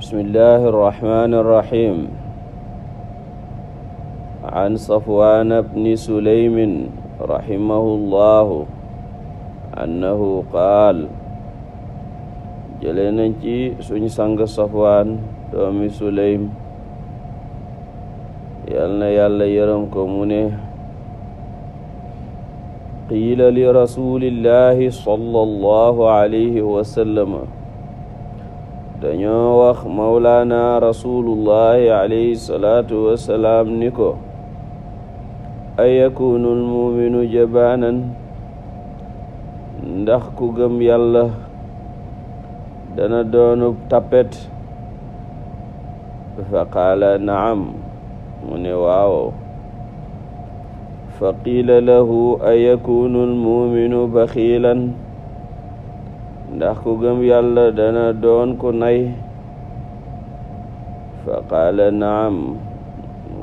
بسم الله الرحمن الرحيم عن صفوان بن سليم رحمه الله أنه قال jëlee nañ ci suñ sang safwaan doomi suleym yal na yàlla yërëm ko mu ne qiila li rasulillahi sallallahu alayhi wa sallama dañoo wax mawlaana rasulullahi alayhi salaatu wasalaam ni ko ayakunu almuuminu jabaanan ndax ku gëm yàlla dana doonub tappet fa qaala naam mu ne waaw fa qiila lahu ayakunu almuuminu ndax ku gëm yàlla dana doon ku nay fa qaala naam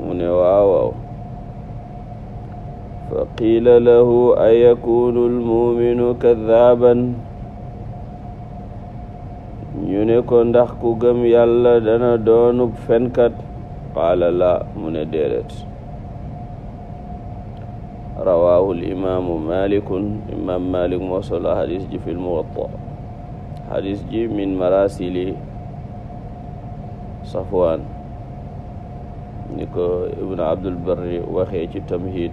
mu ne waawaw fa qiila lahu a yakunu almuuminu kadaaban ñu ne ko ndax ku gëm yàlla dana doonub fenkat qaala la mu ne déedéet rawaahu al imaamu malikun imaam malik moo solo hadis ji fi lmuwatta hadis ji min marasili safwaan ni ko ibnu abdul barri waxee ci tamhid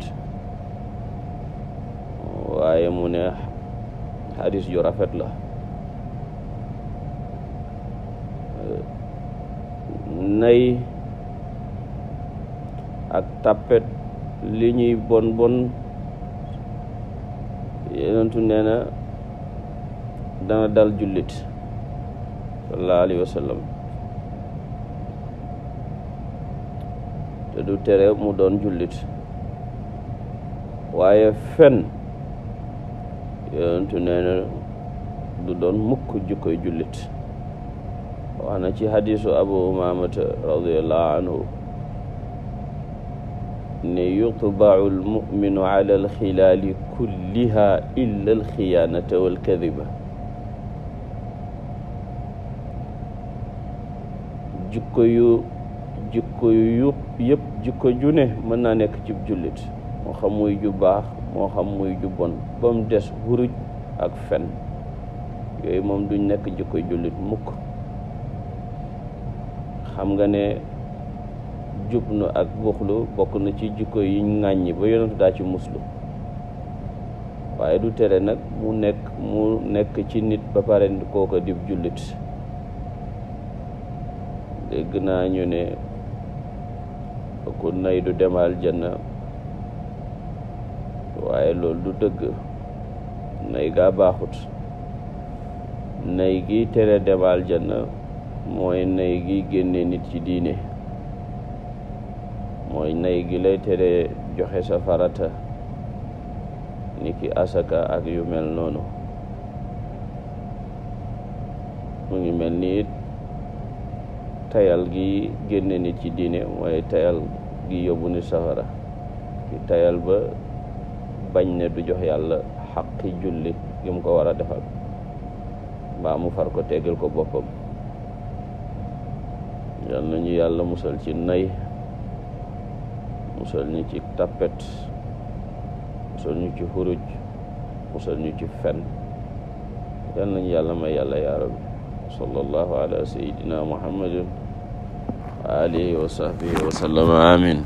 waaye mu ne hadis ju rafet la nay ak tappet li ñuy bon bon yenentu nee na dana dal jullit sallallahu alayhi wa te du tere mu doon jullit waaye fen yonentu nee du doon mukk jukkoy jullit wax na ci hadisu abu umamata radiallahu anhu ne yutbacu almuminu ala alxilaali kulliha illa alxiyaanata walkadiba jikko yu jikko yu yëpp jikko ju ne mën naa nekk ci jullit moo xam muy ju baax moo xam muy ju bon ba des wuruj ak fen yooyu moom duñ nekk jikko jullit mukk xam nga ne jubnu ak buxlu bokk na ci jikko yiñ ŋàññi ba yonentu daa ci muslu waaye du tere nag mu nekk mu nekk ci nit ba pare kooka dib jullit dégg naa ñu ne ku nay du demal jën waaye loolu du dëgg nay gaa baaxut nay gi tere demal jën mooy nay gi génne nit ci diine mooy nay gi lay tere joxe sa farata ki asaka ak yu mel noonu mu ngi mel ni tayal gi génne nit ci diine mooy tayal gi yóbbu nit safara ki tayal ba bañ ne du jox yàlla xaqi julli gi mu ko war a defal mbaa mu far ko teggal ko boppam yal nañu yàlla musal ci nay musal ñu ci tappet musal ñu ci xuruj musal ñu ci fen yal nañu yàlla may yàlla yaaram sallallahu ala sayyidina muhammadin wa alihi wa sahbihi wa sallama amin